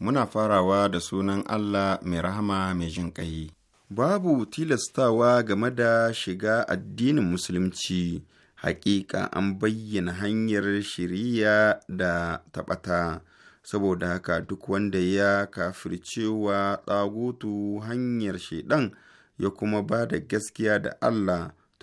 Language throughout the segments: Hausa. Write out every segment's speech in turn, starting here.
muna farawa da sunan Allah mai rahama mai jin ƙai. Babu tilastawa game da shiga addinin Musulunci, hakika an bayyana hanyar shiriya da taɓata, saboda haka duk wanda ya kafircewa tsagutu hanyar shaidan ya kuma ba da gaskiya da Allah.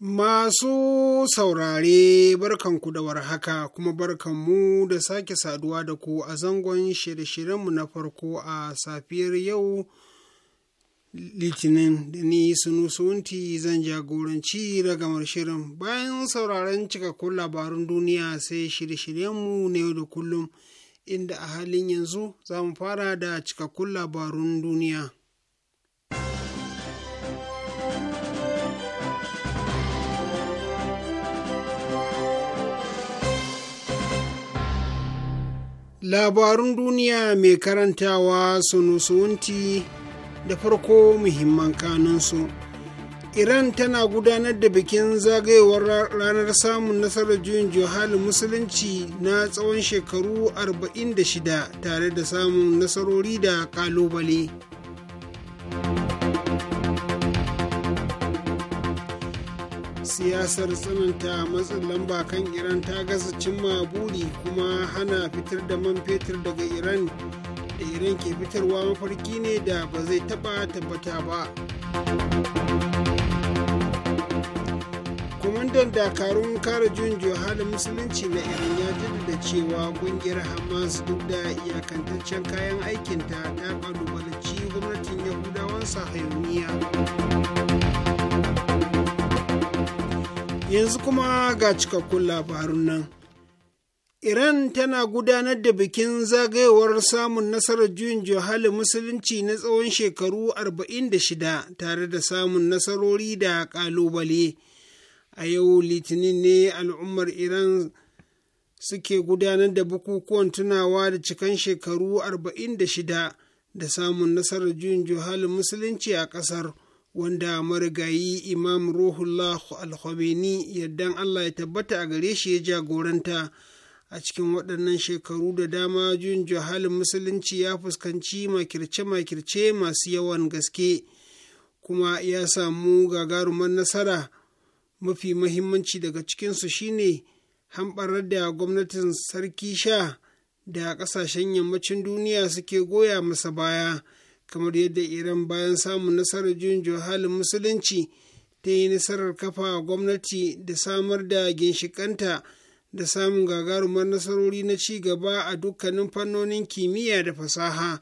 Masu saurare barkanku da warhaka kuma barkanmu da sake saduwa da ku a zangon shirye-shiryenmu na farko a safiyar yau litinin da ni sunti zan jagoranci ragamar shirin bayan sauraren cikakkun labarun duniya sai shirye-shiryenmu na yau da kullum inda a halin yanzu za mu fara da cikakkun labarun duniya. labarun duniya mai karantawa sunusuwunti da farko muhimman kanunsu iran tana gudanar da bikin zagayewar ranar samun nasarar juyin juhalin musulunci na tsawon shekaru 46 tare da samun nasarori da kalubale. siyasar tsananta matsin lamba kan iran ta gasa cimma buri kuma hana fitar da man fetur daga iran da iran ke fitarwa mafarki ne da ba zai taba tabbata ba kwamandan dakarun kare jun juhalin musulunci na iran ya jaddada cewa kungiyar hamas duk da iyakantaccen kayan aikinta ta kalubalci gwamnatin yahudawan sahayoniya yanzu kuma ga cikakkun labarun nan Iran tana gudanar da bikin zagayowar samun nasarar juyin juhalin musulunci na tsawon shekaru 46 tare da samun nasarori da kalubale A yau Litinin ne al'ummar Iran suke gudanar da bukukuwan tunawa da cikan shekaru 46 da samun nasarar juyin johali musulunci a ƙasar. wanda marigayi imam ruhullah al yardan allah ya tabbata a gare shi ya jagoranta a cikin waɗannan shekaru da dama juyin jahalin musulunci ya fuskanci makirce-makirce masu yawan gaske kuma ya samu gagarumar nasara mafi mahimmanci daga cikinsu shine hamɓarar da gwamnatin sarki sha da ƙasashen yammacin duniya suke goya masa baya. kamar yadda iran bayan samun nasarar juyin halin musulunci ta yi nasarar kafa gwamnati da samar da ginshikanta da samun gagarumar nasarori na ci gaba a dukkanin fannonin kimiyya da fasaha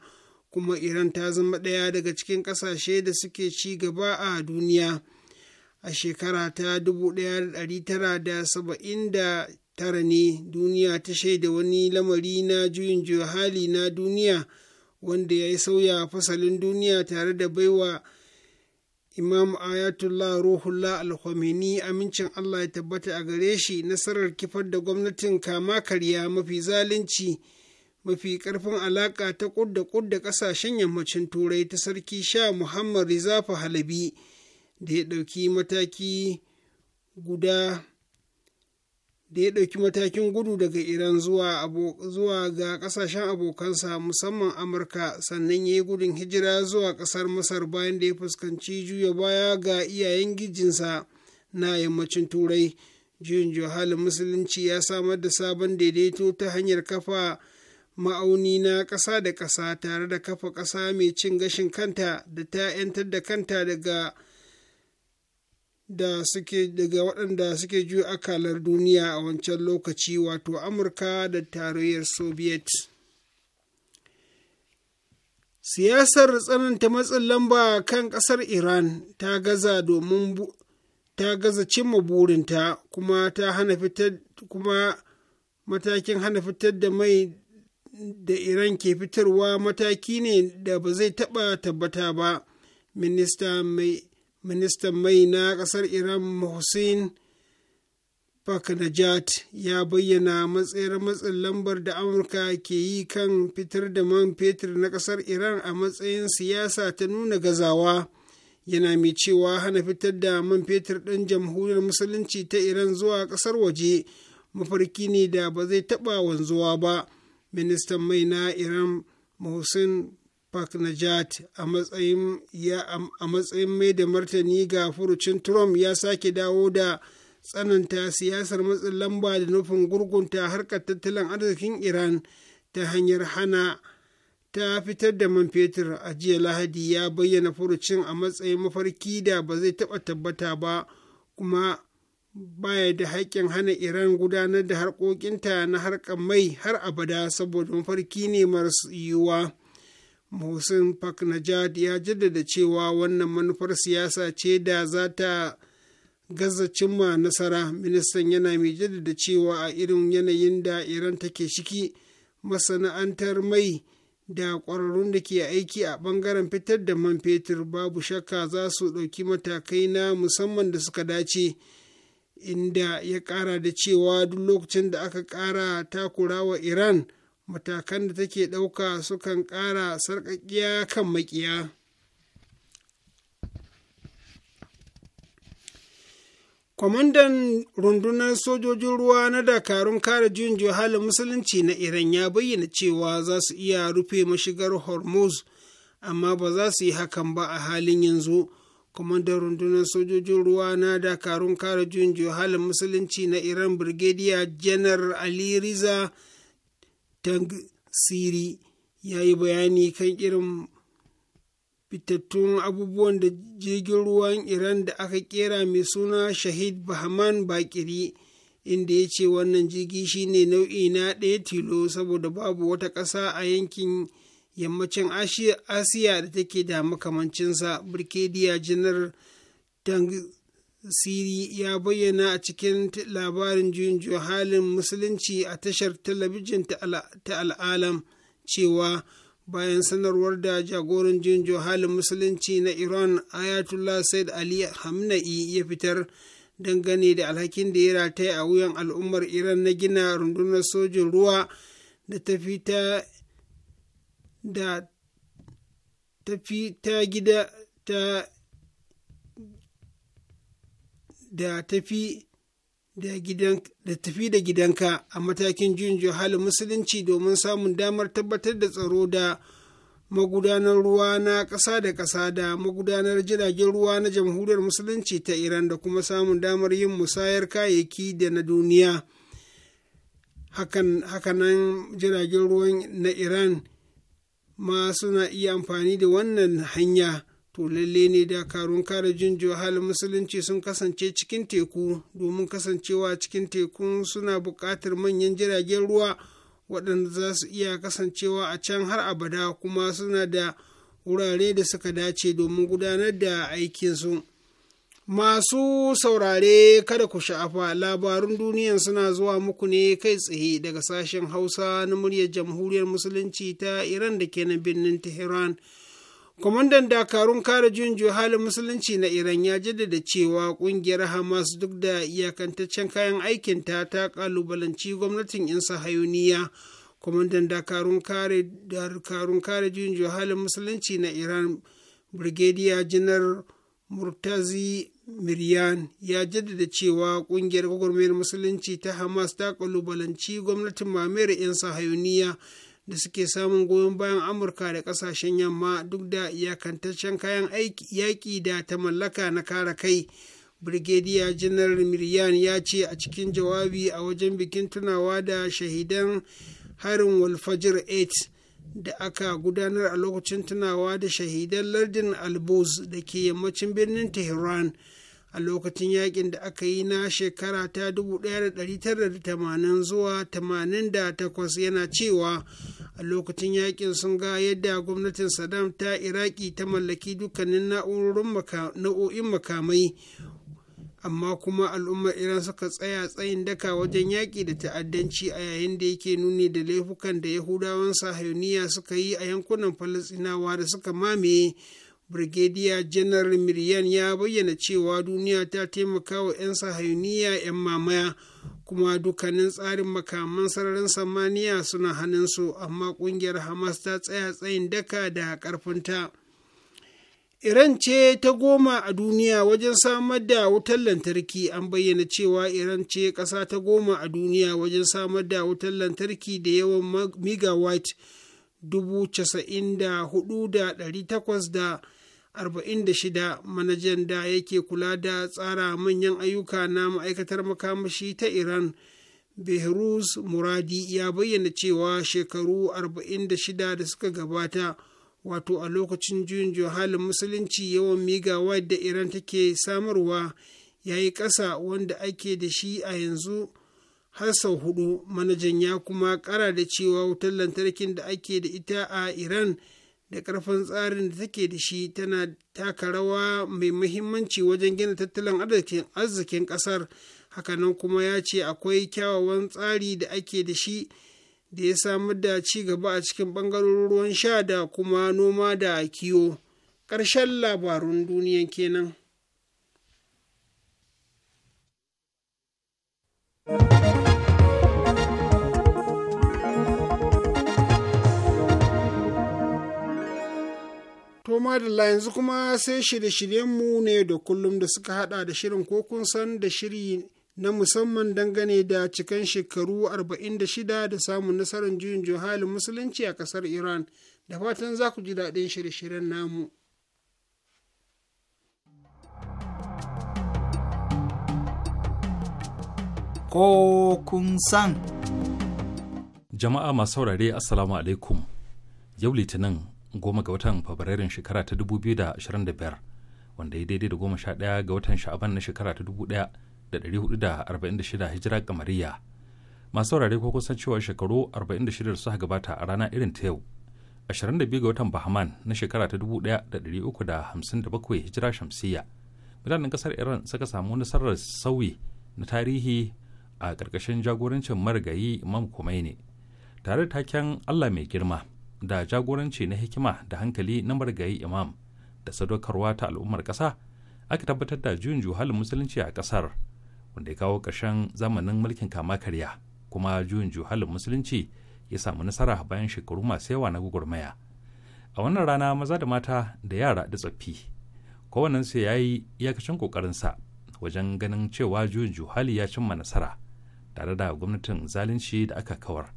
kuma iran ta zama ɗaya daga cikin ƙasashe da suke ci gaba a duniya a shekara ta 1979 ne duniya ta shaida wani lamari na juyin hali na duniya wanda ya yi sauya fasalin duniya tare da baiwa imam ayatullah ruhullah alhamini amincin allah ya tabbata a gare shi nasarar kifar da gwamnatin kama karya mafi zalunci mafi karfin alaka ta ƙudda ƙudda ƙasashen yammacin turai ta sarki sha muhammad rizafa halabi da ya ɗauki mataki guda da ya ɗauki matakin gudu daga Iran zuwa zuwa ga ƙasashen abokansa musamman Amurka sannan ya yi gudun hijira zuwa ƙasar Masar bayan da ya fuskanci juya baya ga iyayen gijinsa na yammacin Turai. Juyin juhalin Musulunci ya samar da sabon daidaito ta hanyar kafa ma'auni na ƙasa da ƙasa tare da kafa ƙasa mai cin gashin kanta da ta 'yantar da kanta daga. da suke daga waɗanda suke juya akalar duniya a wancan lokaci wato amurka da tarayyar soviet siyasar tsananta matsin lamba kan ƙasar iran ta gaza domin ta gaza cimma burinta kuma ta hana fitar kuma matakin hana fitar da mai da iran ke fitarwa mataki ne da ba zai taɓa tabbata ba minista mai ministan mai na ƙasar iran hussein Paknajat ya bayyana matsayar matsin lambar da Amurka ke yi kan fitar da man fetur na ƙasar Iran a matsayin siyasa ta nuna gazawa. Yana mai cewa hana fitar da man fetur ɗan jamhuriyar musulunci ta Iran zuwa ƙasar waje mafarki ne da ba zai taɓa wanzuwa ba. Ministan mai na Iran Mohsen Park na matsayin a matsayin mai da martani ga furucin Trump ya sake dawo da tsananta siyasar matsin lamba da nufin gurgunta harkar tattalin arzikin Iran ta hanyar hana ta fitar da man fetur a jiya Lahadi ya bayyana furucin a matsayin mafarki da ba zai taɓa tabbata ba kuma baya da haƙƙin hana Iran gudanar da harkokinta na harkar mai har abada saboda mafarki ne maras yiwuwa. Muhsin najad ya jaddada cewa wannan manufar siyasa ce da za ta gaza cimma nasara ministan yana mai jaddada cewa a irin yanayin da iran take shiki masana'antar mai da ƙwararrun da ke aiki a ɓangaren fitar da man fetur babu shakka za su ɗauki matakai na musamman da suka dace inda ya ƙara da cewa duk lokacin da aka ƙara wa iran matakan da take ɗauka sukan ƙara sarƙaƙiya kan maƙiya kwamandan rundunar sojojin ruwa na dakarun kare juyin juhalin musulunci na iran ya bayyana cewa za su iya rufe mashigar hormuz amma ba za su yi hakan ba a halin yanzu kwamandan rundunar sojojin ruwa na dakarun kare juyin juhalin musulunci na iran brigadier janar ali riza tang siri ya yi bayani kan irin fitattun abubuwan da jirgin ruwan iran da aka kera mai suna shahid bahman bakiri inda ya ce wannan jirgi shine nau'i na ɗaya tilo saboda babu wata ƙasa a yankin yammacin asiya da take da makamancinsa birkediya janar tang siri ya bayyana a cikin labarin juyin halin musulunci a tashar talabijin ta al'alam cewa bayan sanarwar da jagoran juyin halin musulunci na iran ayatollah said ali hamna'i ya fitar dangane da alhakin da ya rataya a wuyan al'ummar iran na gina rundunar sojin ruwa da ta fita da tafi ta gida ta da tafi da gidan da gidanka a matakin juyin hali musulunci domin samun damar tabbatar da tsaro da magudanar ruwa na ƙasa da ƙasa da magudanar jiragen ruwa na jamhuriyar musulunci ta iran da kuma samun damar yin musayar kayayyaki da na duniya hakanan jiragen ruwan na iran ma suna iya amfani da wannan hanya to lalle ne dakarun kare jinjo halin musulunci sun kasance cikin teku domin kasancewa cikin teku suna buƙatar manyan jiragen ruwa waɗanda za su iya kasancewa a can har abada kuma suna da wurare da suka dace domin gudanar da aikinsu masu saurare kada ku sha'afa labarun duniyan suna zuwa muku ne kai tsaye daga sashen hausa na muryar jamhuriyar musulunci ta iran da ke na birnin tehran kwamandan dakarun kare juyin halin musulunci na iran ya jaddada cewa kungiyar hamas duk da iyakantaccen kayan aikinta ta kalubalanci gwamnatin yan sahayuniya kwamandan dakarun kare dakarun kare juyin halin musulunci na iran brigadier janar murtazi miryan ya jaddada cewa kungiyar gwagwarmayar musulunci ta hamas ta kalubalanci gwamnatin mamayar yan sahayuniya da suke samun goyon bayan amurka da kasashen yamma duk da iyakantaccen kayan yaƙi da ta mallaka na kare kai brigadier general miriam ya ce a cikin jawabi a wajen bikin tunawa da shahidan harin walfajir 8 da aka gudanar a lokacin tunawa da shahidan lardin alboz da ke yammacin birnin tehran a lokacin yakin da aka yi na shekara ta 1980 zuwa 88 yana cewa a lokacin yakin sun ga yadda gwamnatin saddam ta iraki ta mallaki dukkanin nau'o'in makamai amma kuma al'ummar iran suka tsaya tsayin daka wajen yaƙi da ta'addanci a yayin da yake nuni da laifukan da yahudawan sahayuniya suka yi a yankunan falastinawa da suka mamaye Brigadier General Miryan ya bayyana cewa duniya ta taimaka wa 'yan sahayuniya 'yan mamaya kuma dukkanin tsarin makaman sararin samaniya suna hannunsu amma kungiyar Hamas ta tsaya tsayin daka da ƙarfinta. Iran ce ta goma a duniya wajen samar da wutar lantarki an bayyana cewa Iran ce ƙasa ta goma a duniya wajen samar da wutar lantarki da yawan megawatt dubu casa'in da hudu da ɗari takwas da 46 manajan da yake kula da tsara manyan ayyuka na ma'aikatar makamashi ta iran behruz muradi ya bayyana cewa shekaru 46 da suka gabata wato a lokacin juyin johalin musulunci yawan migawa da iran take samarwa ya yi ƙasa wanda ake da shi a yanzu har sau hudu manajan ya kuma kara da cewa wutar lantarkin da ake da ita a iran da ƙarfin tsarin da take da shi tana taka rawa mai muhimmanci wajen gina tattalin arzikin ƙasar hakanan kuma ya ce akwai kyawawan tsari da ake da shi da ya samar da ci gaba a cikin ɓangarorin ruwan sha da kuma noma da kiwo karshen labarun duniya kenan. thank you To madalla yanzu kuma sai shirye-shiryenmu ne da kullum da suka hada da shirin ko kun san da shiri na musamman dangane da cikan shekaru 46 da samun nasarar juyin juhalin musulunci a kasar Iran. Da fatan za ku ji daɗin shirye-shiryen namu. Ko kun san. Jama'a masu saurare Assalamu alaikum. Yau Litinin goma ga watan fabrairun shekara ta 2025 wanda ya daidai da goma sha ɗaya ga watan sha'aban na shekara ta 1446 hijira kamariya masu saurare ko kusan cewa shekaru 46 suka gabata a rana irin ta yau 22 ga watan bahman na shekara ta 1357 hijira shamsiyya mutanen kasar iran suka samu nasarar sauyi na tarihi a ƙarƙashin jagorancin marigayi imam ne tare da taken allah mai girma da jagoranci na hikima da hankali na margayi imam da sadaukarwa ta al'ummar ƙasa aka tabbatar da juyin juhalin musulunci a ƙasar wanda ya kawo ƙarshen zamanin mulkin kama karya kuma juyin juhalin musulunci ya samu nasara bayan shekaru masu yawa na gugurmaya a wannan rana maza da mata da yara da tsaffi kowannensu ya yi iyakacin ƙoƙarinsa wajen ganin cewa juyin juhali ya cimma nasara tare da gwamnatin zalunci da aka kawar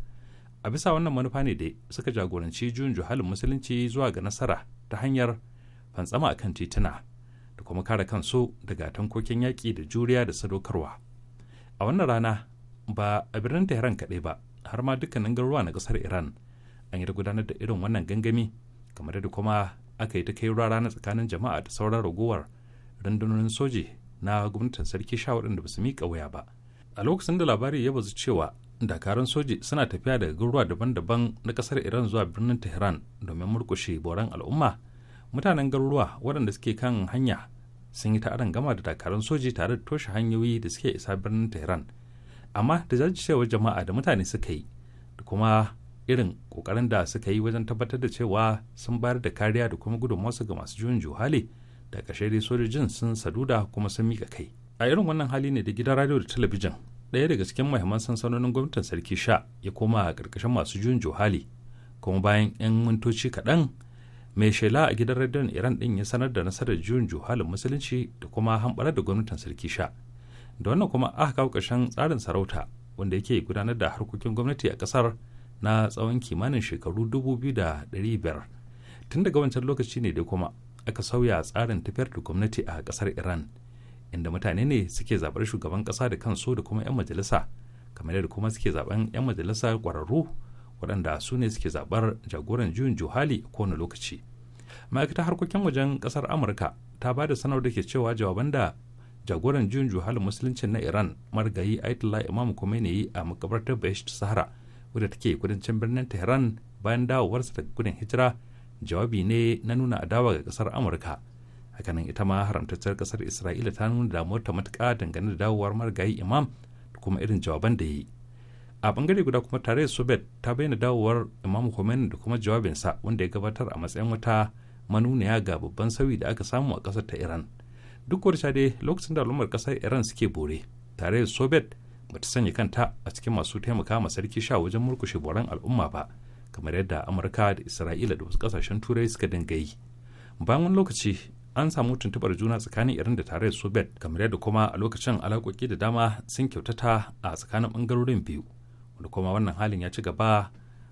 a bisa wannan manufa ne dai suka jagoranci juyin juhalin musulunci zuwa ga nasara ta hanyar fantsama a kan tituna da kuma kare kansu daga tankokin yaƙi da juriya da sadaukarwa a wannan rana ba a birnin tehran kaɗai ba har ma dukkanin garuruwa na ƙasar iran an yi gudanar da irin wannan gangami kamar da kuma aka yi ta kai rana tsakanin jama'a da sauran ragowar rundunonin soji na gwamnatin sarki sha waɗanda ba su miƙa wuya ba a lokacin da labari ya bazu cewa dakarun soji suna tafiya daga garuruwa daban-daban na kasar iran zuwa birnin tehran domin murkushe boran al'umma mutanen garuruwa waɗanda suke kan hanya sun yi ta'adan gama da dakarun soji tare da toshe hanyoyi da suke isa birnin tehran amma da jajircewar jama'a da mutane suka yi da kuma irin kokarin da suka yi wajen tabbatar da cewa sun bayar da kariya da kuma gudunmawarsu ga masu juyin juhali da ƙarshe dai sojojin sun saduda kuma sun mika kai a irin wannan hali ne da gidan radio da talabijin ɗaya daga cikin mahimman sansanonin gwamnatin sarki sha ya koma a ƙarƙashin masu juyin juhali kuma bayan 'yan mintoci kaɗan mai shela a gidan rediyon iran ɗin ya sanar da nasarar juyin juhalin musulunci da kuma hamɓarar da gwamnatin sarki sha da wannan kuma aka kawo ƙarshen tsarin sarauta wanda yake gudanar da harkokin gwamnati a ƙasar na tsawon kimanin shekaru dubu biyu da ɗari biyar tun daga wancan lokaci ne da kuma aka sauya tsarin tafiyar da gwamnati a ƙasar iran inda mutane ne suke zaɓar shugaban ƙasa da kansu da kuma 'yan majalisa kamar yadda kuma suke zaɓen 'yan majalisa ƙwararru waɗanda su ne suke zaɓar jagoran juyin juhali ko kowane lokaci ma'aikatar harkokin wajen ƙasar amurka ta ba da sanar da ke cewa jawaban da jagoran juyin juhalin musuluncin na iran margayi ayatollah imam yi a makabartar bayesh sahara wadda take kudancin birnin tehran bayan dawowarsa daga gudun hijira jawabi ne na nuna adawa ga ƙasar amurka hakanan ita ma haramtacciyar kasar isra'ila ta nuna damuwar ta matuƙa dangane da dawowar marigayi imam da kuma irin jawaban da ya yi a bangare guda kuma tare sobet ta bayyana dawowar imam khomeini da kuma jawabinsa wanda ya gabatar a matsayin wata manuniya ga babban sauyi da aka samu a kasar ta iran duk wata dai lokacin da al'ummar kasar iran suke bore tare sobet ba ta sanya kanta a cikin masu taimaka ma sarki sha wajen murkushe boran al'umma ba kamar yadda amurka da isra'ila da wasu kasashen turai suka dinga yi bayan wani lokaci an samu tuntubar juna tsakanin irin da tarayyar soviet kamar yadda kuma a lokacin alaƙoƙi da dama sun kyautata a tsakanin bangarorin biyu wanda kuma wannan halin ya ci gaba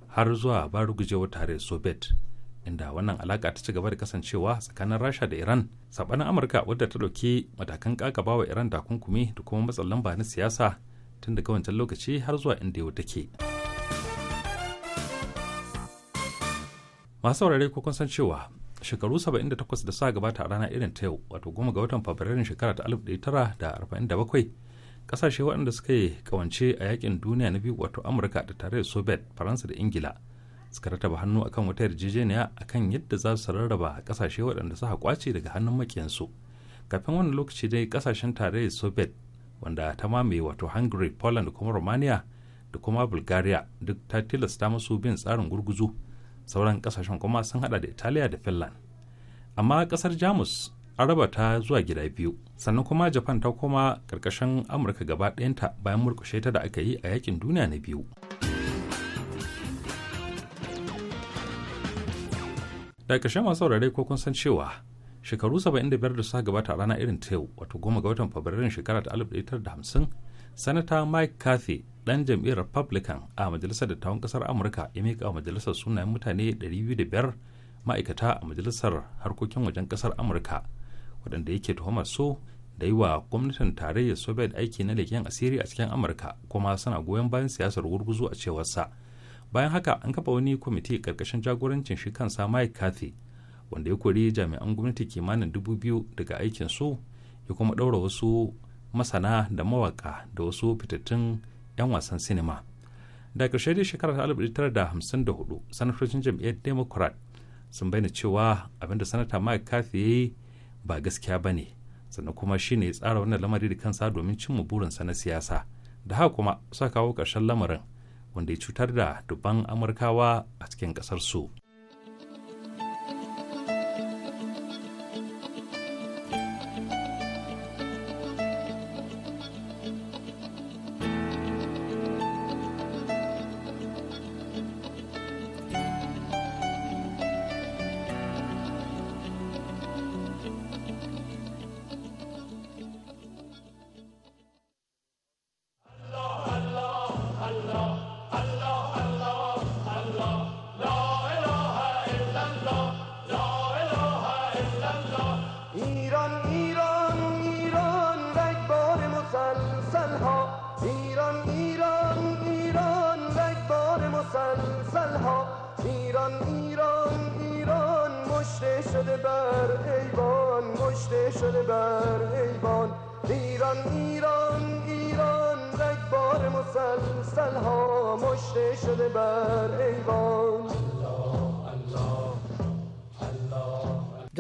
har zuwa barugujewar tarayyar soviet inda wannan alaka ta ci gaba da kasancewa tsakanin rasha da iran sabanin amurka wadda ta ɗauki matakan kakaba wa iran kunkumi da kuma matsalan lamba na siyasa tun daga wancan lokaci har zuwa inda yau take masu saurare ko kun san cewa shekaru 78 da sa gabata a rana irin ta yau wato goma ga watan fabrairun shekara ta 1947 kasashe waɗanda suka yi kawance a yakin duniya na biyu wato amurka da tare da soviet faransa da ingila suka rataba hannu akan wata yarjejeniya akan yadda za su rarraba kasashe waɗanda suka kwace daga hannun makiyansu kafin wannan lokaci dai kasashen tarayyar soviet wanda ta mamaye wato hungary poland kuma romania da kuma bulgaria duk ta tilasta masu bin tsarin gurguzu sauran kasashen kuma sun hada da italiya da finland amma kasar jamus an raba ta zuwa gida biyu sannan kuma japan ta koma karkashin amurka gaba ɗayanta bayan murkushe ta da aka yi a yakin duniya na biyu da kashe masu saurare ko kun san cewa shekaru 75 da suka gabata rana irin ta yau wato goma ga watan fabrairun shekara ta 1950 sanata mike cathy dan jam'iyyar republican a majalisar dattawan kasar amurka ya mika wa majalisar sunayen mutane 205 ma'aikata a majalisar harkokin wajen kasar amurka wadanda yake tuhumar so da yi wa gwamnatin tarayyar soviet aiki na leken asiri a cikin amurka kuma suna goyon bayan siyasar gurguzu a cewar sa bayan haka an kafa wani kwamiti ƙarƙashin jagorancin shi kansa mike cathy wanda ya kori jami'an gwamnati kimanin dubu biyu daga aikin su ya kuma ɗaura wasu masana da mawaka da wasu fitattun 'yan wasan sinima da ƙarshe dai shekarar 1954 sanatocin jam'iyyar democrat sun bayyana cewa abinda sanata mike kathy ya yi ba gaskiya ba ne sannan kuma shi ne ya tsara wannan lamari da kansa domin cimma burinsa na siyasa da haka kuma suka kawo ƙarshen lamarin wanda ya cutar da dubban amurkawa a cikin ƙasar su.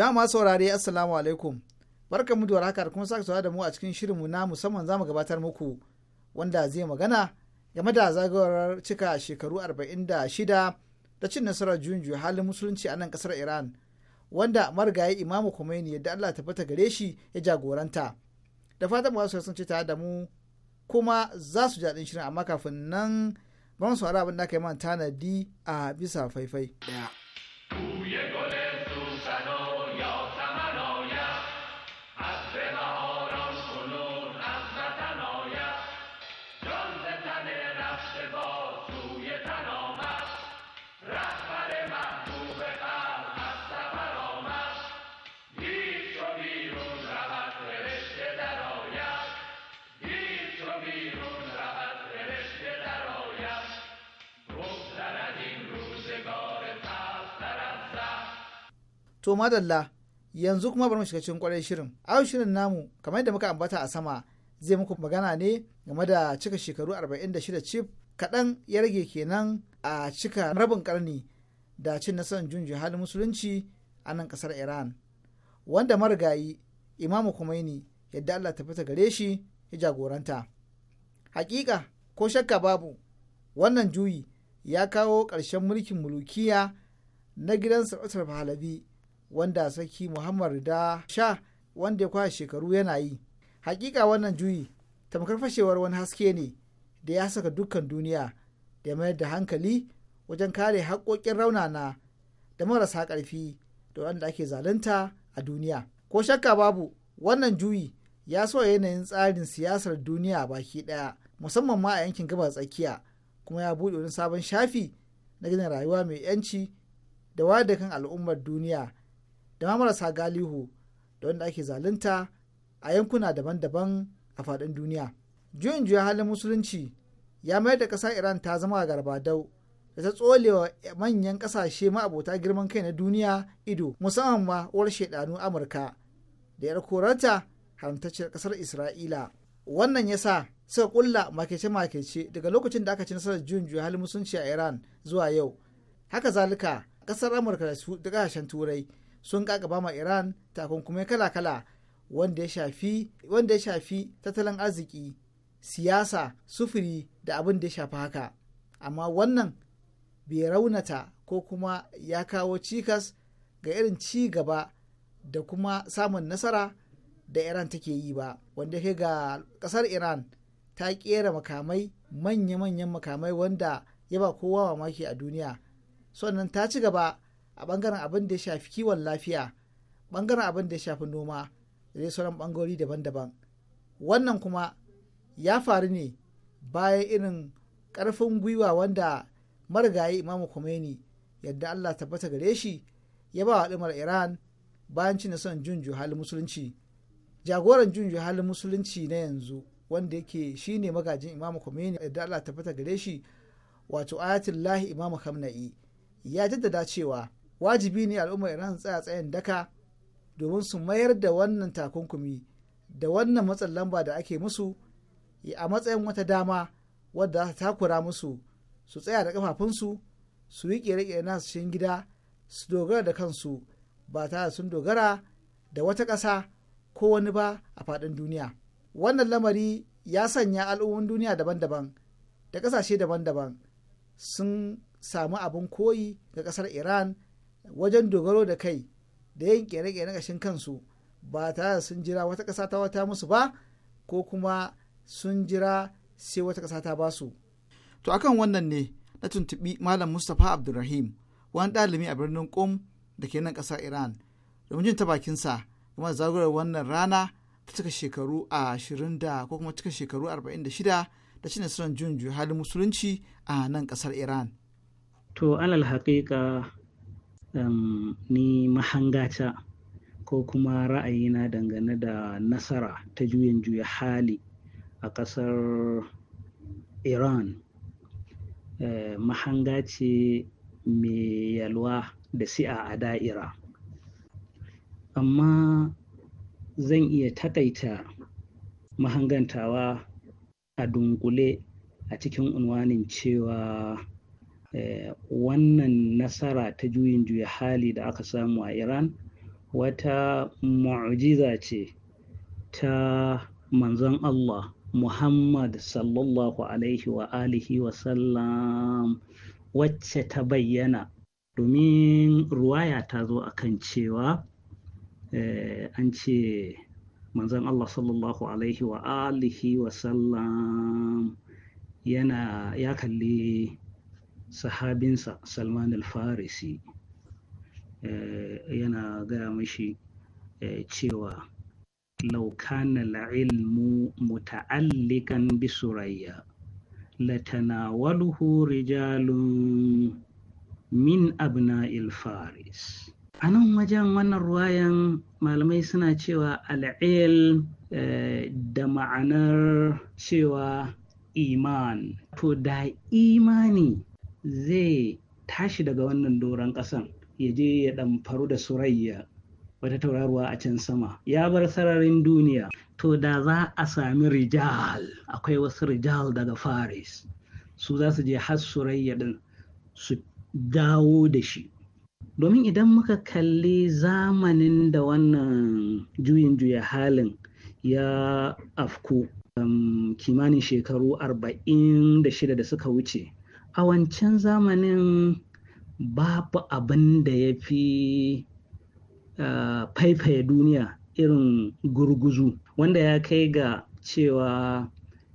jama'a masu saurare assalamu alaikum barka mu da warhaka da kuma sake saurara da mu a cikin shirinmu na musamman zamu gabatar muku wanda zai magana game da zagayowar cika shekaru 46 da cin nasarar juyin halin musulunci a nan kasar Iran wanda marigayi Imamu Khomeini yadda Allah tabbata gare shi ya jagoranta da fatan masu sun ce tare da mu kuma za su jaɗin shirin amma kafin nan ban su abin da aka yi man tanadi a bisa faifai. to madalla yanzu kuma bari mu shiga cikin kwarai shirin a shirin namu kamar yadda muka ambata a sama zai muku magana ne game da cika shekaru 46 cif kaɗan ya rage kenan a cika rabin karni da cin nasarar junjin halin musulunci a nan ƙasar iran wanda marigayi imamu kumaini yadda allah ta fita gare shi ya jagoranta hakika ko shakka babu wannan juyi ya kawo ƙarshen mulkin mulukiya na gidan sarautar pahlavi wanda saki muhammad da sha wanda ya kwashe shekaru yana yi hakika wannan juyi tamkar fashewar wani haske ne da ya saka dukkan duniya da mayar da hankali wajen kare haƙoƙin raunana da marasa ƙarfi da wanda ake zalunta a duniya ko shakka babu wannan juyi ya so yanayin tsarin siyasar duniya baki ɗaya musamman ma a yankin gabas tsakiya kuma ya buɗe wani sabon shafi na gina rayuwa mai yanci da wayar kan al'ummar duniya da ma marasa galihu da wanda ake zalunta a yankuna daban-daban a faɗin duniya. Juyin juya halin musulunci ya mayar da ƙasar Iran ta zama a garbadau da ta tsolewa manyan ƙasashe ma'abota girman kai na duniya ido musamman ma uwar shaidanu Amurka da yar korarta haramtacciyar ƙasar Isra'ila. Wannan ya sa suka kulla makece-makece daga lokacin da aka ci nasarar juyin juya halin musulunci a Iran zuwa yau. Haka zalika ƙasar Amurka da ƙasashen Turai sun ƙaƙabama ma iran takunkumai kala-kala wanda ya shafi tattalin arziki siyasa sufuri da abin da ya shafi haka amma wannan bai raunata ko kuma ya kawo cikas ga irin ci gaba da kuma samun nasara da iran take yi ba wanda ke ga kasar iran ta kera makamai manya-manyan makamai wanda ya ba kowa mamaki a duniya sannan ta ci gaba a bangaren abin da ya shafi kiwon lafiya bangaren abin da ya shafi noma da dai sauran bangarori daban-daban wannan kuma ya faru ne bayan irin karfin gwiwa wanda marigayi imamu Khomeini yadda Allah tabbata gare shi ya ba wa Iran bayan cin son jun halin musulunci jagoran jun halin musulunci na yanzu wanda yake shine magajin imamu Khomeini yadda Allah tabbata gare shi wato ayatullahi imamu kamna'i ya jaddada cewa wajibi ne al'ummar iran su tsaya tsayin daka domin su mayar da wannan takunkumi da wannan matsin lamba da ake musu a matsayin wata dama wadda za ta takura musu su tsaya da kafafunsu su yi kere-kere nasu cikin gida su dogara da kansu ba taya sun dogara da wata ƙasa ko wani ba a faɗin duniya wannan lamari ya sanya al'ummomin duniya daban-daban da ƙasashe daban-daban sun samu abin koyi ga ƙasar iran wajen dogaro da kai da yin kere-kere na ƙashin kansu ba tare sun jira wata ƙasa ta wata musu ba ko kuma sun jira sai wata ƙasa ta basu. To akan wannan ne na tuntubi Malam Mustapha Abdulrahim wani ɗalimi a birnin Qom da ke nan ƙasar Iran domin jin ta bakinsa game da zagorar wannan rana ta cika shekaru ashirin da ko kuma cika shekaru arba'in da shida da shi nasarar jun halin musulunci a nan ƙasar Iran. To alal haƙiƙa um, ni mahangata ko kuma ra'ayina dangane da nasara ta juyin juya hali a ƙasar iran uh, mahanga ce mai yalwa da si'a a da'ira amma zan iya takaita mahangantawa a dunkule a cikin unwanin cewa Eh, wannan nasara ta juyin juya hali da aka samu a iran wata mu'jiza ce ta manzon allah muhammad sallallahu alaihi wa alihi wa sallam wacce ta bayyana domin ruwaya ta zo akan cewa eh, an ce manzon Allah sallallahu alaihi wa alihi wa sallam yana ya kalli sahabinsa salman al-farisi eh, yana gaya mashi eh, cewa laukana la'ilmu muta'allikan bi surayya latanawaluhu rijalun min abna'il faris a nan wajen wannan ruwayan malamai suna cewa al'il eh, da ma'anar cewa iman to da imani zai tashi daga wannan doron ƙasan ya je ya ɗamfaru da surayya wata tauraruwa a can sama ya bar sararin duniya to da za a sami rijal akwai wasu rijal daga faris su za su je har surayya din su dawo da shi domin idan muka kalli zamanin da wannan juyin juya halin ya afku um, kimanin shekaru 46 da suka wuce a wancan zamanin babu abin da ya fi faifaye duniya irin gurguzu wanda ya kai ga cewa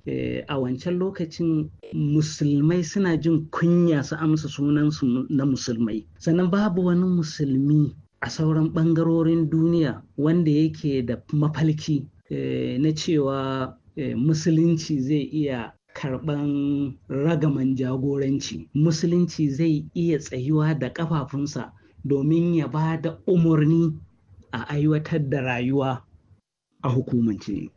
e, a wancan lokacin musulmai suna jin kunya su amsa sunansu na musulmai sannan babu wani musulmi a sauran ɓangarorin duniya wanda yake da mafalki e, na cewa e, musulunci zai iya karɓan ragaman jagoranci musulunci zai iya tsayuwa da ƙafafunsa domin ya ba da umarni a aiwatar da rayuwa a hukumance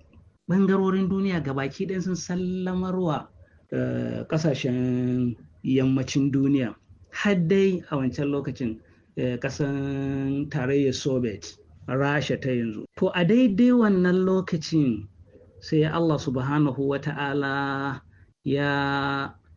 ɓangarorin duniya gabaki ɗin sun sallamarwa eh, ƙasashen yammacin duniya har dai a wancan lokacin eh, ƙasan tarayyar soviet rasha ta yanzu to a daidai wannan lokacin sai allah subhanahu wa ta'ala ya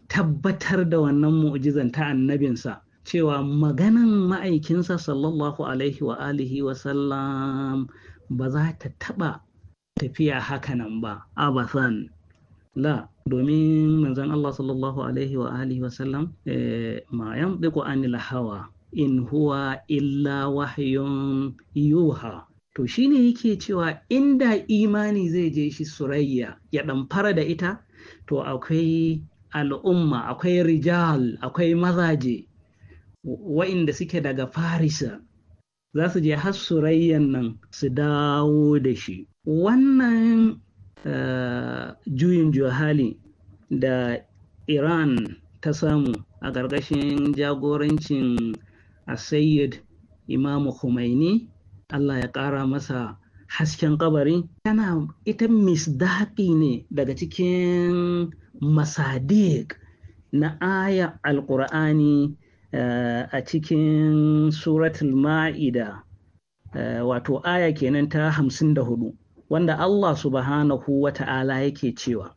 tabbatar da wannan mu'jizan ta annabinsa cewa maganan ma'aikinsa sallallahu alaihi wa alihi wa sallam ba za ta taba tafiya haka nan ba abathan la domin manzon Allah sallallahu alaihi wa alihi wa sallam eh, ma yamdiqu anil hawa in huwa illa wahyun yuha to shine yake cewa inda imani zai je shi surayya ya ɗamfara da ita to akwai al'umma akwai rijal akwai mazaje wa'inda suke daga farisa za su je har surayyan nan su dawo da shi wannan uh, juyin juhali da iran ta samu a ƙarƙashin jagorancin a sayyid imamu Khomeini Allah ya ƙara masa hasken kabari tana ita misdafi ne daga cikin masadiq na aya alkur'ani eh, a cikin suratul ma'ida eh, wato aya kenan ta hamsin da hudu wanda Allah subhanahu wa ta'ala yake cewa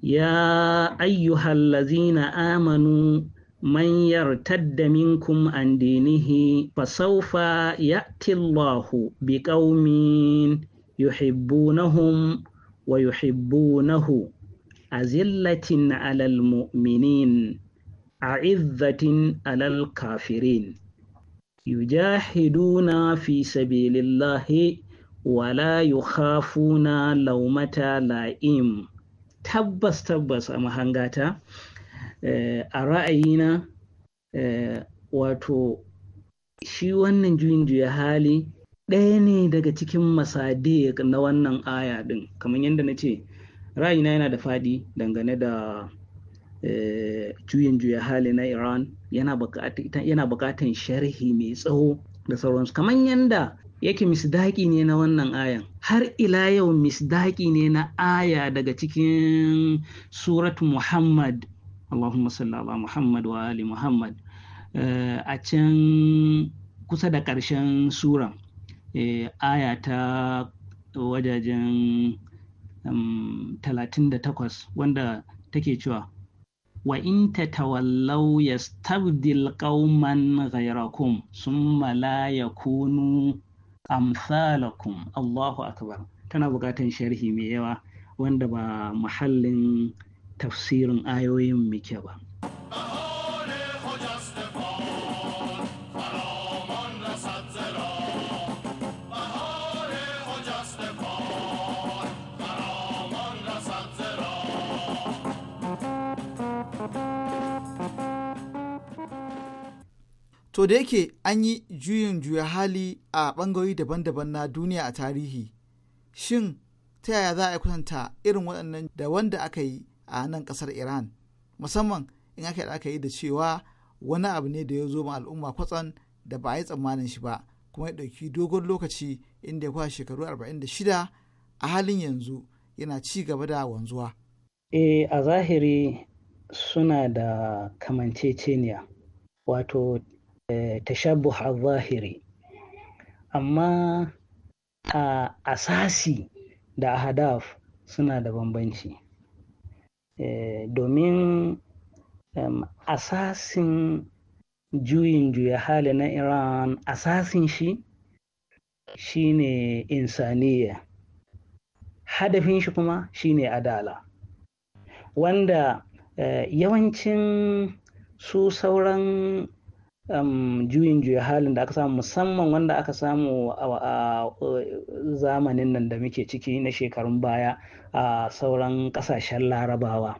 ya ayyuhallazina amanu man yartadda minkum an dinihi fasawfa ya'ti Allahu biqaumin yuhibbunahum wa yuhibbunahu azillatin 'alal mu'minin a'izzatin 'alal kafirin na fi sabilillahi wala yukhafuna laumata la'im tabbas tabbas a mahangata Eh, a ra'ayina eh, wato shi wannan juyin juya hali ɗaya ne daga cikin masade na wannan aya ɗin kamar yadda na ce ra'ayina yana da faɗi dangane da eh, juyin juya hali na iran yana buƙatan sharhi mai tsawo da sauransu kamar yadda yake misdaƙi ne na wannan ayan har ila yau misdaƙi ne na aya daga cikin surat muhammad Allahumma salli ala Muhammad wa ali Muhammad eh, a can kusa da ƙarshen sura, eh, aya ta wajajen um, talatin da takwas wanda take cewa wa in ya stabdil ƙauman ghayrakum summa la kunu amsalakum Allahu akbar tana buƙatar sharhi mai yawa wanda ba muhallin tafsirin ayoyin muke ba To da yake an yi juyin juya hali a ɓangarori daban-daban na duniya a tarihi, shin ta yaya za a kusanta irin waɗannan da wanda aka yi a nan kasar iran musamman in aka aka yi da cewa wani abu ne da ya zo ma al'umma kwatsan da ba a yi tsammanin shi ba kuma ya ɗauki dogon lokaci inda ya kwa shekaru arba'in da 46 a halin yanzu yana ci gaba da wanzuwa. E, a zahiri suna da kamanceceniya wato e, tashabbuh a zahiri amma a asasi da ahadaf suna da bambanci Eh, domin asasin juyin juya hali na iran asasin shi shine insaniya hadafin shi kuma shine adala wanda eh, yawancin su sauran um, juyin juya halin da aka samu musamman wanda aka samu a zamanin nan da muke ciki na shekarun baya a sauran kasashen larabawa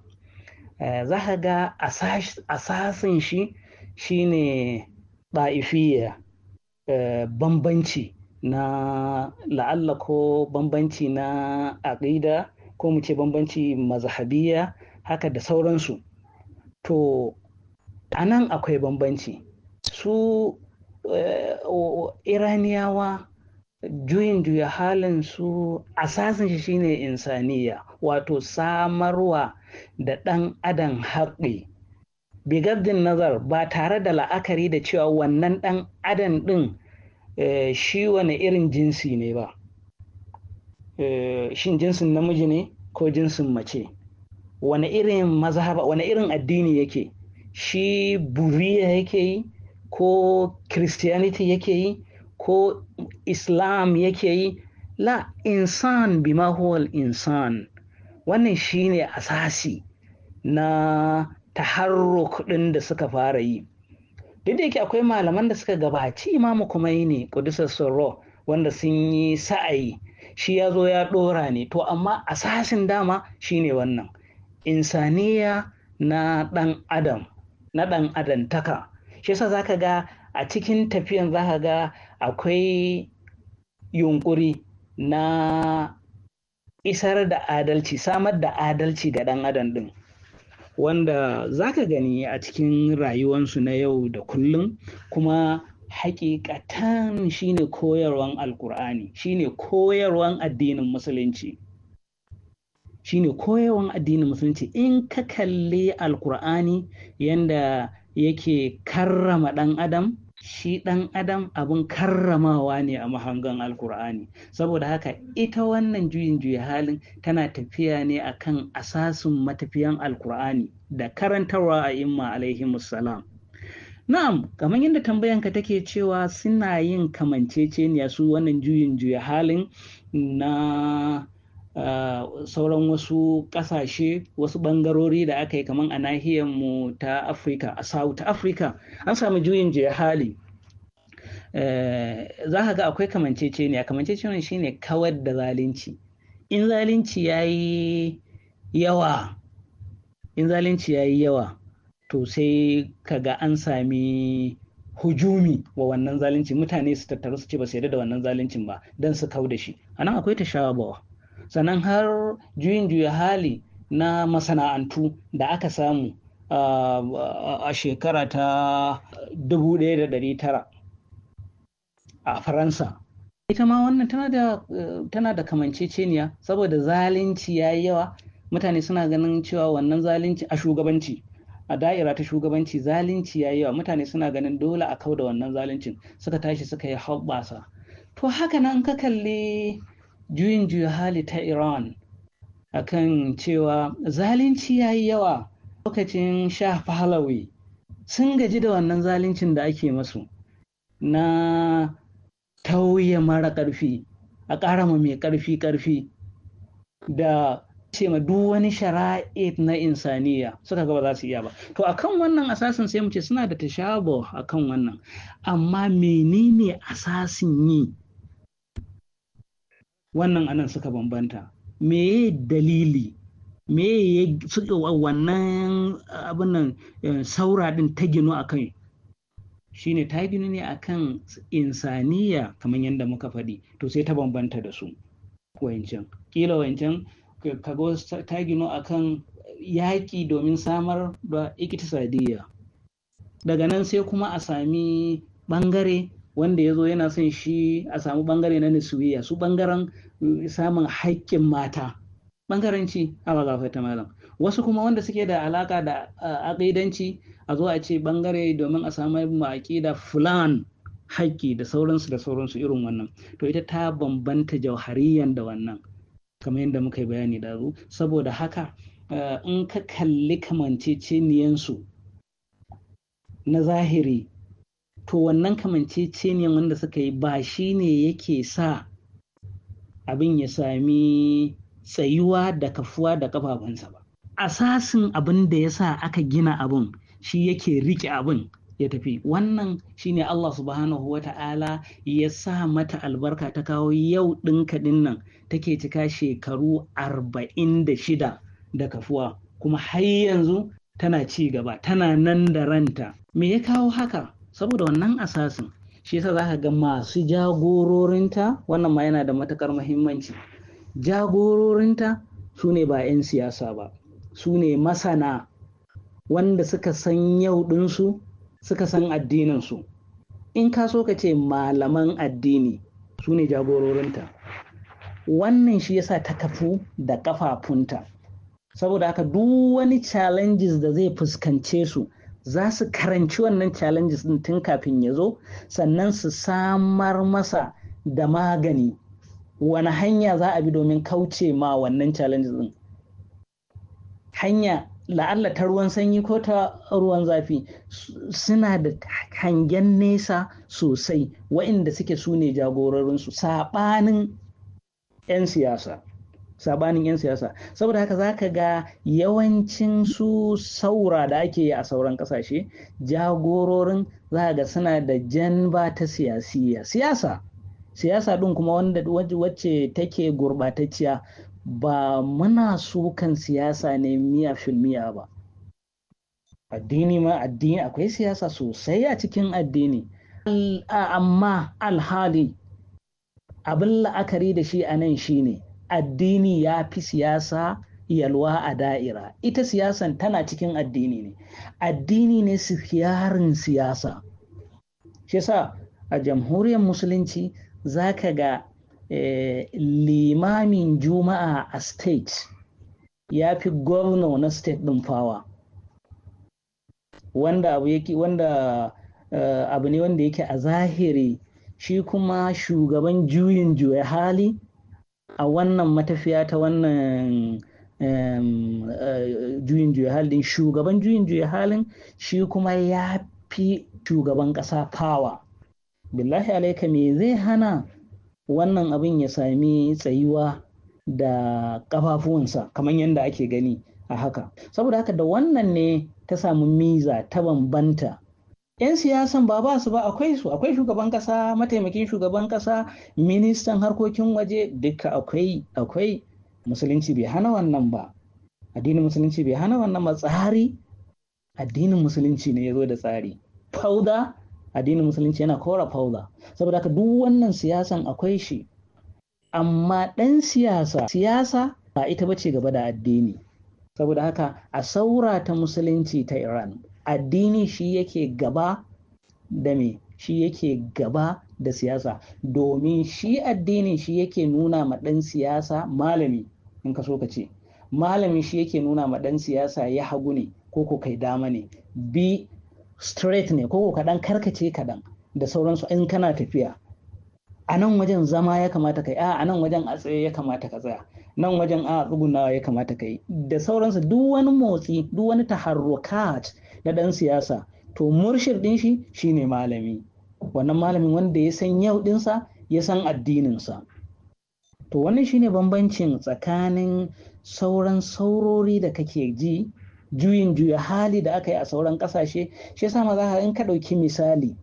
eh, za ka ga asasin shi shine ɗa'ifiyya eh, bambanci na la'alla ko bambanci na aƙida ko mu ce bambanci mazhabiyya, haka da sauransu to a nan akwai bambanci su eh, iraniyawa juyin juya halin su asasin shi shine insaniya wato samarwa da ɗan adam haƙi bigabdin nazar ba tare da la'akari da cewa wannan ɗan adam ɗin eh, shi wani irin jinsi ne ba eh, shin jinsin namiji ne ko jinsin mace wani irin mazhaba wani irin addini yake shi buriya yake yi ko christianity yake yi ko islam yake yi la insan bi mahuwal insan wannan shine asasi na taharruk ɗin da suka fara yi duk da yake akwai malaman da suka gabaci imamu kuma yi ne kudusar soro wanda sun yi sa'ayi shi ya zo ya ɗora ne to amma asasin dama shine wannan insaniya na ɗan adam na ɗan adantaka shi yasa zaka ga a cikin tafiyan zaka ga akwai yunkuri na isar da adalci samar da adalci ga ɗan adam ɗin wanda zaka gani a cikin rayuwansu na yau da kullum kuma hakikatan shine koyarwan alkur'ani shine koyarwan addinin musulunci shine koyarwan addinin musulunci in ka kalli alkur'ani yanda yake karrama ɗan adam shi ɗan adam abin karramawa ne a mahangan alkur'ani saboda haka ita wannan juyin juya halin tana tafiya ne a kan asasin matafiyan alkur'ani da karantarwa a imma alaihimussalam Na'am, kamar yadda tambayanka take cewa suna yin kamanceceniya su wannan juyin juya halin na Eh, sauran wasu kasashe wasu bangarori da aka yi kamar a nahiyar ta afirka a south africa an samu juyin hali eh, za ka ga akwai kamanceceniya kamanceceniya shine kawar da zalunci in zalunci ya yi yawa in zalunci ya yi yawa to sai ka ga an sami hujumi wa wannan zalunci mutane su tattaru su ce ba su yarda da wannan zaluncin ba don su kau da shi anan akwai tashawa bawa sannan har juyin juya hali na masana'antu da aka samu a shekara ta 1900 a faransa ita ma wannan tana da kamanceceniya saboda zalunci ya yi yawa mutane suna ganin cewa wannan zalunci a shugabanci a da'ira ta shugabanci zalunci ya yi yawa mutane suna ganin dole a kau da wannan zaluncin suka tashi suka yi haɓasa to haka nan ka kalli juyin juya hali ta iran akan cewa zalunci ya yi yawa lokacin shah pahlawi sun gaji da wannan zaluncin da ake masu na tauye mara ƙarfi a ƙarama mai ƙarfi ƙarfi da ce ma duk wani shara'id na insaniya suka ga ba za su iya ba to akan wannan asasin sai mu ce suna da tashabo akan wannan amma menene asasin yi wannan anan suka bambanta meye dalili me ya suka wannan uh, abin uh, saura din ta ginu a kai ne ta ginu ne akan insaniya kamar yadda muka faɗi to sai ta bambanta da su wancan kila wancan kago ta ginu akan yaƙi domin samar da sadiyya. daga nan sai kuma a sami ɓangare wanda ya zo yana son shi a samu bangare na nisuwiya su bangaren mm, samun haƙƙin mata bangaranci a ta malam wasu kuma wanda suke da alaka da aƙidanci a zo a ce bangare domin a samu ma da fulan haƙƙi da sauransu da sauransu irin wannan to ita ta bambanta jauhariyan da wannan kamar yadda muka yi bayani da zu saboda haka eh, in ka kalli kamanceceniyansu na zahiri to wannan kamancece ne wanda suka yi ba shi ne yake sa abin ya sami tsayuwa da kafuwa da kafafunsa ba asasin abin da ya sa aka gina abin shi yake rike abin ya tafi wannan shine Allah subhanahu wa ta'ala ya sa mata albarka ta kawo yau ɗinka ɗin nan take cika shekaru arba'in da shida da kafuwa kuma har yanzu tana ci gaba tana nan da ranta me ya kawo haka saboda wannan asasin shi yasa zaka ga masu jagororinta wannan ma yana da matukar muhimmanci jagororinta su ne ba 'yan siyasa ba su ne masana wanda suka san yau ɗinsu suka san addininsu in ka so ka ce malaman addini su ne jagororinta wannan shi yasa ta kafu da ƙafafunta. saboda haka duk wani challenges da zai fuskance su za su karanci wannan challenges din tun kafin ya zo sannan su samar masa da magani wani hanya za a bi domin kauce ma wannan challenges din hanya la'alla ta ruwan sanyi ko ta ruwan zafi suna da hangen nesa sosai wa'inda suke su ne jagororinsu saɓanin 'yan siyasa sabanin 'yan siyasa saboda haka za ka ga yawancin su saura da ake yi a sauran kasashe jagororin za ga suna da janba ta siyasiya siyasa siyasa ɗin kuma wanda wacce take gurɓatacciya ba muna sukan siyasa ne miya filmiya ba addini ma addini akwai siyasa sosai a cikin addini amma alhali abin la'akari da shi a nan shine addini ya fi siyasa yalwa a da'ira ita siyasan tana cikin addini ne addini ne siyarin siyasa shi sa a jamhuriyar musulunci za ka ga eh, limamin juma'a a state ya fi gwamna na state ɗin fawa wanda abu yake wanda eh, abu ne wanda yake a zahiri shi kuma shugaban juyin juya hali a wannan matafiya ta wannan eh, juyin juya halin shugaban juyin juya halin shi kuma ya fi shugaban ƙasa fawa billahi alaika me zai hana wannan abin ya sami tsayuwa da ƙafafuwansa kamar yadda ake gani a haka saboda haka da wannan ne ta samu miza ta bambanta 'yan siyasan ba ba su ba akwai su akwai shugaban kasa mataimakin shugaban kasa ministan harkokin waje duka akwai akwai musulunci bai hana wannan ba addinin musulunci bai hana wannan ba tsari addinin musulunci ne ya zo da tsari fauda addinin musulunci yana kora fauda saboda haka duk wannan siyasan akwai shi amma ɗan siyasa siyasa ba ita bace gaba da addini saboda haka a saura ta musulunci ta iran addini shi yake gaba da me shi yake gaba da siyasa domin shi addini shi yake nuna ma ɗan siyasa malami in ka so ka ce malami shi yake nuna ma ɗan siyasa ya hagu ne ko ko kai dama ne bi straight ne ko ko kaɗan karkace kaɗan da sauransu in kana tafiya a nan wajen zama ya kamata kai a nan wajen a tsaye ya kamata ka tsaya nan wajen a tsugunawa ya kamata kai da sauransu duk wani motsi duk wani taharrukat na ɗan siyasa to murshid ɗin shi shine malami wannan malamin wanda ya san yau ɗinsa ya san addininsa to wannan shine bambancin tsakanin sauran saurori da kake ji juyin juya hali da aka yi a sauran ƙasashe shi yasa maza in ka ɗauki misali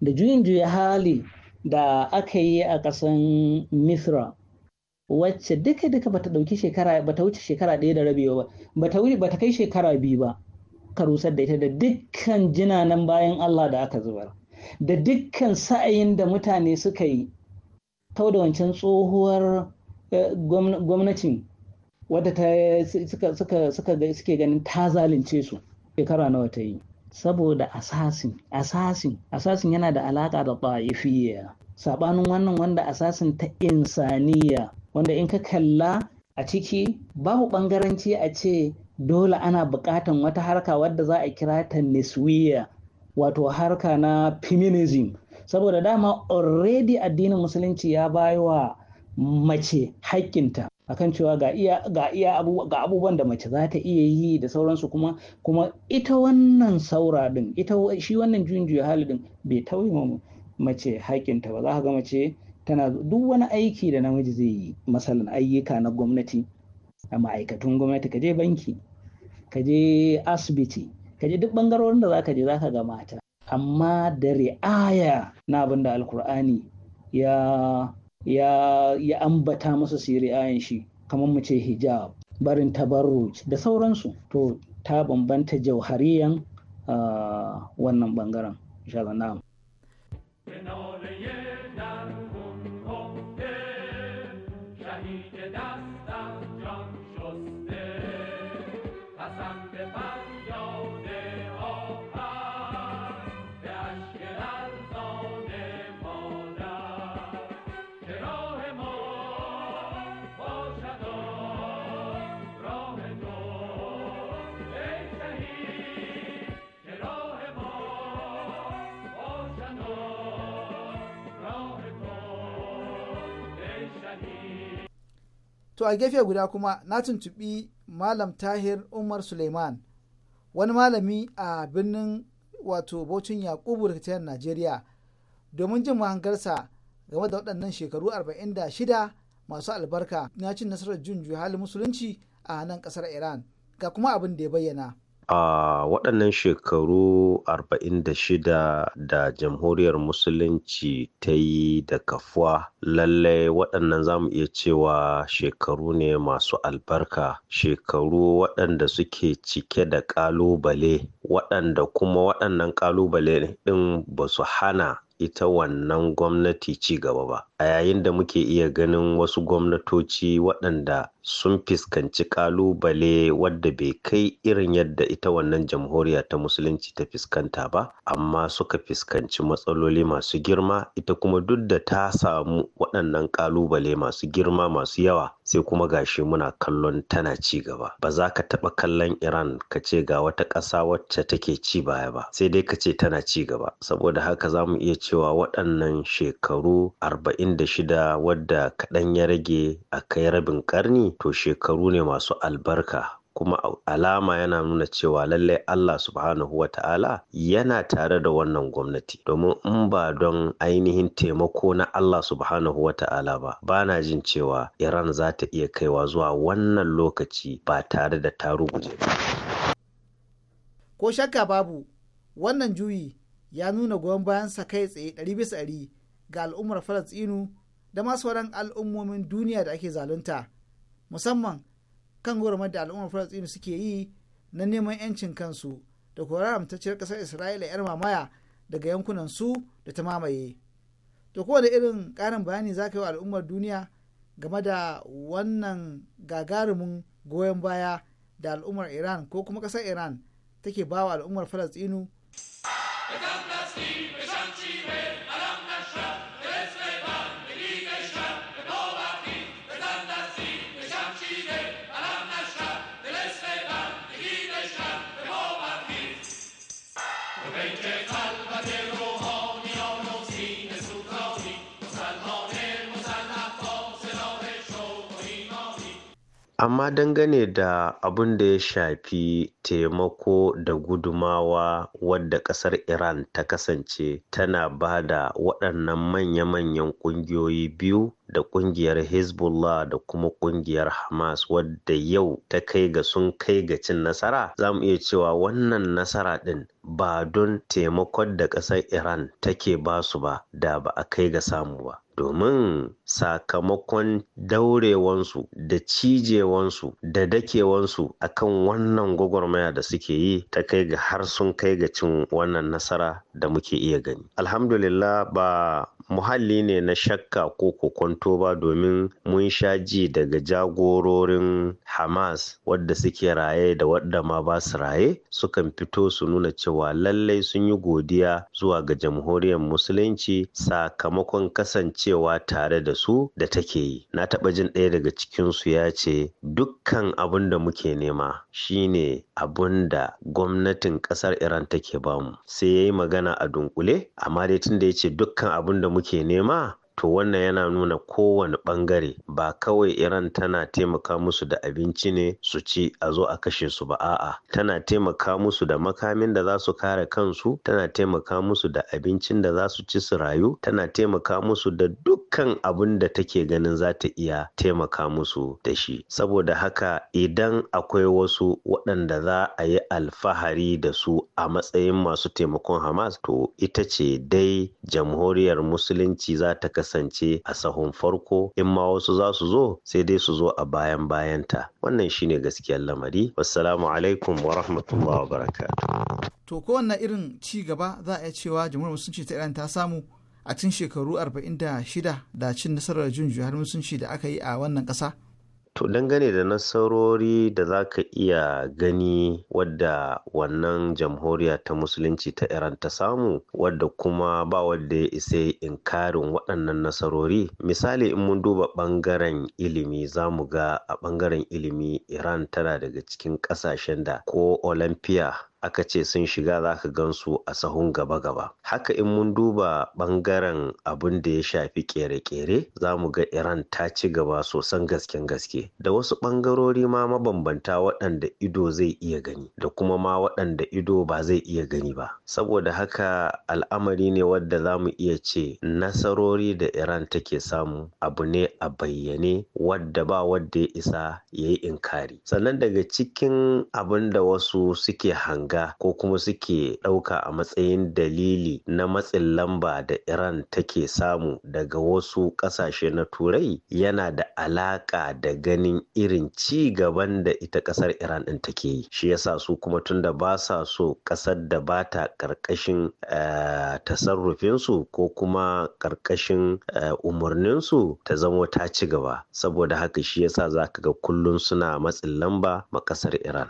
da juyin juya hali da aka yi a ƙasan misra wacce duka duka bata ɗauki shekara bata wuce shekara ɗaya da rabewa ba bata kai shekara biyu ba ka rusar da ita da dukkan jinanan bayan Allah da aka zubar da dukkan sa'ayin da mutane suka yi kau da wancan tsohuwar eh, gwamnatin wadda suke ganin ta zalunce su shekara nawa ta yi saboda assassin assassin assassin yana da alaka da ta'ifiyya sabanin wannan wanda assassin ta insaniya wanda in ka kalla a ciki babu ɓangaranci a ce dole ana buƙatan wata harka wadda za a kira ta niswiya wato harka na feminism saboda dama already addinin musulunci ya bayo wa mace haƙƙinta akan cewa ga iya ga abubuwan da mace za ta iya yi da sauransu kuma kuma ita wannan saura din ita shi wannan juya-juya hali din bai tauye mace haƙƙinta ba za ka ga mace tana duk wani aiki da namiji zai yi masalan ayyuka na gwamnati a ma'aikatun gwamnati ka je banki ka je asibiti ka je duk bangarorin da zaka je zaka ga mata amma da ri'aya na abin da alkur'ani ya ya ambata masa su ri'ayan shi kamar mu ce hijab barin tabarruj da sauransu to ta bambanta jauhariyan wannan bangaren insha to a gefe guda kuma na tuntuɓi malam tahir umar suleiman wani malami a birnin wato bocin yakubu da najeriya domin jin mahangarsa game da waɗannan shekaru 46 masu albarka na cin nasarar jin halin musulunci a nan ƙasar iran ga kuma abin da ya bayyana a waɗannan shekaru 46 da jamhuriyar musulunci ta yi da kafuwa lallai waɗannan za mu iya cewa shekaru ne masu albarka shekaru waɗanda suke cike da ƙalubale waɗanda kuma waɗannan ƙalubale ɗin ba su hana ita wannan gwamnati ci gaba ba a yayin da muke iya ganin wasu gwamnatoci waɗanda sun fuskanci ƙalubale wadda bai kai irin yadda ita wannan jamhuriya ta musulunci ta fuskanta ba amma suka fuskanci matsaloli masu girma ita kuma duk da ta samu waɗannan ƙalubale masu girma masu yawa sai kuma gashi muna kallon tana ci gaba ba za ka taɓa kallon iran ka ce ga wata ƙasa wacce take ci baya ba sai dai ka ce tana ci gaba saboda haka za mu iya cewa waɗannan shekaru 46 wadda kaɗan ya rage a kai rabin karni to shekaru ne masu albarka kuma alama yana nuna cewa lallai Allah subhanahu wa ta'ala yana tare da wannan gwamnati domin in ba don ainihin taimako na Allah subhanahu wa ta'ala ba ba na jin cewa Iran za ta iya kaiwa zuwa wannan lokaci ba tare da ta ruguje. Ko shakka babu wannan juyi ya nuna goyon bayan sa kai tsaye ɗari bisa ɗari ga al'ummar falastinu da masu sauran al'ummomin duniya da ake zalunta musamman kan gwarmar da al'ummar falastinu suke yi na neman 'yancin kansu da haramtacciyar kasar isra'ila 'yar mamaya daga yankunan su da ta mamaye to kowane irin ƙarin bayani za ka yi wa al'ummar duniya game da wannan gagarumin goyon baya da al'ummar iran ko kuma ƙasar iran take ba wa al'ummar falastinu I got that steam. Amma dangane da abun da ya shafi taimako da gudumawa wadda ƙasar Iran ta kasance tana ba da waɗannan manya-manyan ƙungiyoyi biyu da ƙungiyar Hezbollah da kuma ƙungiyar Hamas wadda yau ta kai ga sun kai ga cin nasara, za mu iya cewa wannan nasara ɗin ba don taimakon da ƙasar Iran take ba su ba da ba a kai ga samu ba. domin sakamakon daurewansu da cijewansu da dakewansu a kan wannan gwagwarmaya da suke yi ta kai ga har sun kai ga cin wannan nasara da muke iya gani alhamdulillah ba muhalli ne na shakka ko kokonto ba domin mun sha ji daga jagororin Hamas wadda suke raye da wadda ma ba su raye sukan fito su nuna cewa lallai sun yi godiya zuwa ga jamhuriyar musulunci sakamakon kasancewa tare da su da take yi. Na taɓa jin ɗaya daga cikinsu ya ce dukkan abin da muke nema shine abin da gwamnatin ƙasar Iran take bamu. Sai ya yi magana a dunkule amma dai tun da ya ce dukkan abin da 不钱你吗？to wannan yana nuna kowane bangare ba kawai iran tana taimaka musu da abinci ne su ci a zo a kashe su ba a'a tana taimaka musu da makamin da za su kare kansu tana taimaka musu da abincin da za su ci su rayu tana taimaka musu da dukkan abin da take ganin za ta iya taimaka musu da shi saboda haka idan akwai wasu waɗanda za a yi alfahari da su a matsayin masu taimakon hamas to ita ce dai jamhuriyar musulunci za ta kasance a sahun farko in ma wasu za su zo sai dai su zo a bayan bayanta wannan shine gaskiyar lamari wassalamu alaikum wa rahmatullahi wa barakatuh to ko wannan irin ci gaba za a iya cewa jamhuriyar musulunci ta iran ta samu a cikin shekaru 46 da cin nasarar jin har musulunci da aka yi a wannan ƙasa To dangane da nasarori da za ka iya gani wadda wannan jamhuriya ta musulunci ta Iran ta samu wadda kuma ba wadda ya isa inkarin waɗannan nasarori. Misali in mun duba ɓangaren ilimi za mu ga a ɓangaren ilimi Iran tana daga cikin ƙasashen da ko Olympia aka ce sun shiga za ka gansu a sahun gaba-gaba. Haka in mun duba ɓangaren abin da ya shafi kere-kere za mu ga Iran ta ci gaba sosan gasken gaske da wasu ɓangarori ma mabambanta waɗanda ido zai iya gani da kuma ma waɗanda ido ba zai iya gani ba. Saboda haka al'amari ne wadda za mu iya ce nasarori da Iran take samu abu ne a bayyane wadda ba wadda ya isa ya yi inkari. Sannan daga cikin abin da wasu suke hanga ganga ko kuma suke ɗauka a matsayin dalili na matsin lamba da Iran take samu daga wasu ƙasashe na Turai yana da alaƙa da ganin irin ci gaban da ita ƙasar Iran ɗin take yi. Shi yasa su kuma tun da ba sa so ƙasar da ba ta ƙarƙashin eh, tasarrufinsu ko kuma ƙarƙashin eh, umarninsu ta zamo ta ci gaba. Saboda haka shi yasa za ka ga kullum suna matsin lamba ma ƙasar Iran.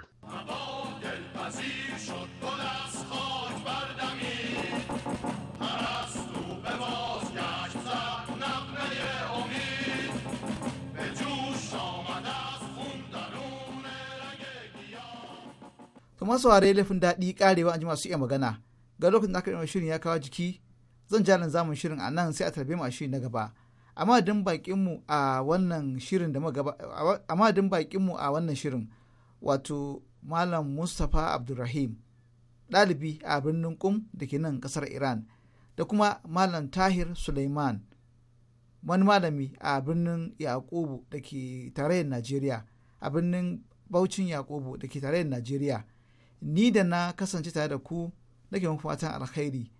to masu ware laifin daɗi karewa an ji masu iya magana ga lokacin da aka yi shirin ya kawo jiki zan ja nan zamun shirin a nan sai a tarbe mu a shirin na gaba amma din bakin mu a wannan shirin da amma din bakin mu a wannan shirin wato malam Mustapha Abdulrahim ɗalibi a birnin Kum da ke nan ƙasar Iran da kuma malam Tahir Suleiman wani malami a birnin Yakubu da ke tarayyar Najeriya a birnin Baucin Yakubu da ke tarayyar Najeriya ni da na kasance tare da ku nake muku fatan alkhairi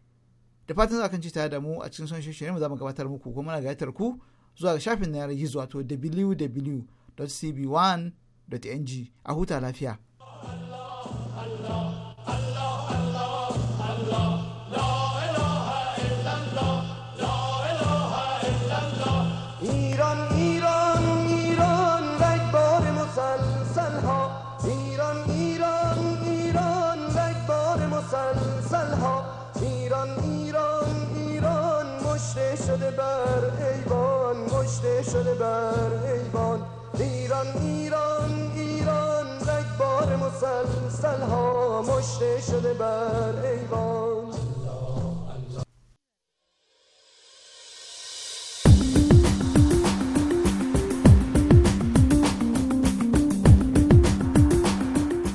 da fatan za kan ci tare da mu a cikin son shirye mu za mu gabatar muku kuma muna gayyatar ku zuwa ga shafin na yanar gizo wato www.cb1.ng a huta lafiya.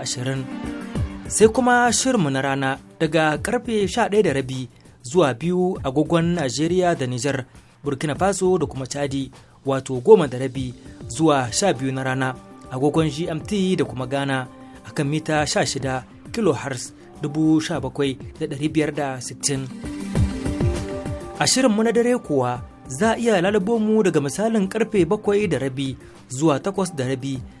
ashirin sai kuma shirmu na rana daga karfe rabi zuwa biyu agogon Najeriya da Nijar Burkina Faso da kuma Chadi wato goma da rabi zuwa sha biyu na rana agogon GMT da kuma Ghana a kan mita 16 da 17,560 a shirinmu na dare kuwa za a iya lalabo mu daga misalin karfe bakwai da rabi zuwa takwas da rabi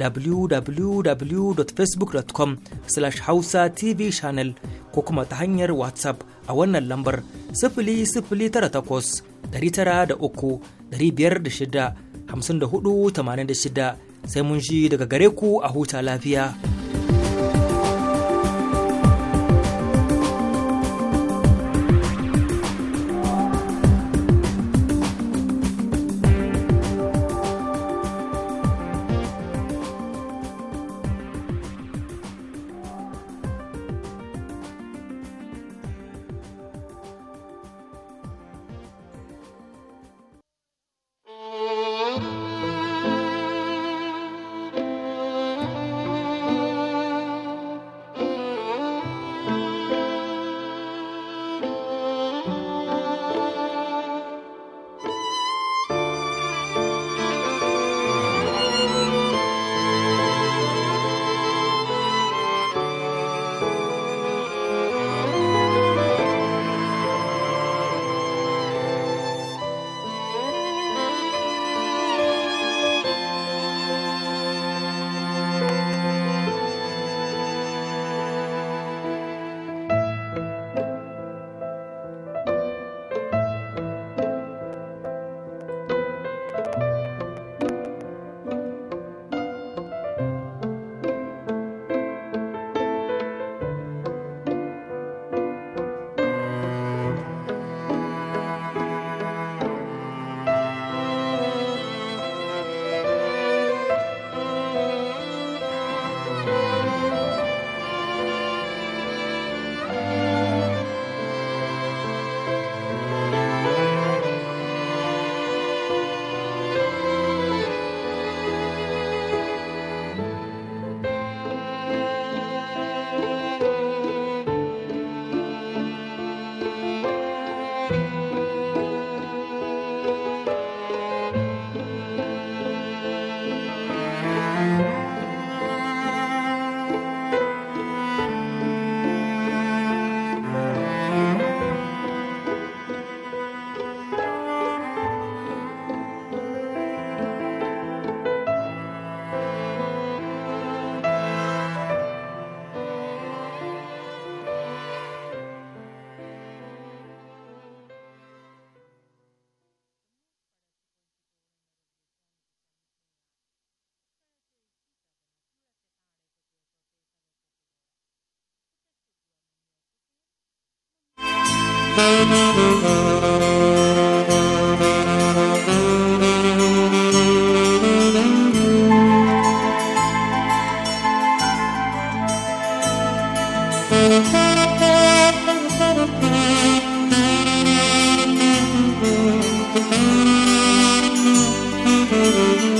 www.facebook.com slash hausa tv channel ko kuma ta hanyar whatsapp a wannan lambar sifili sifili tara takwas ɗari tara da uku ɗari shida hamsin da shida sai mun shi daga gare ku a huta lafiya.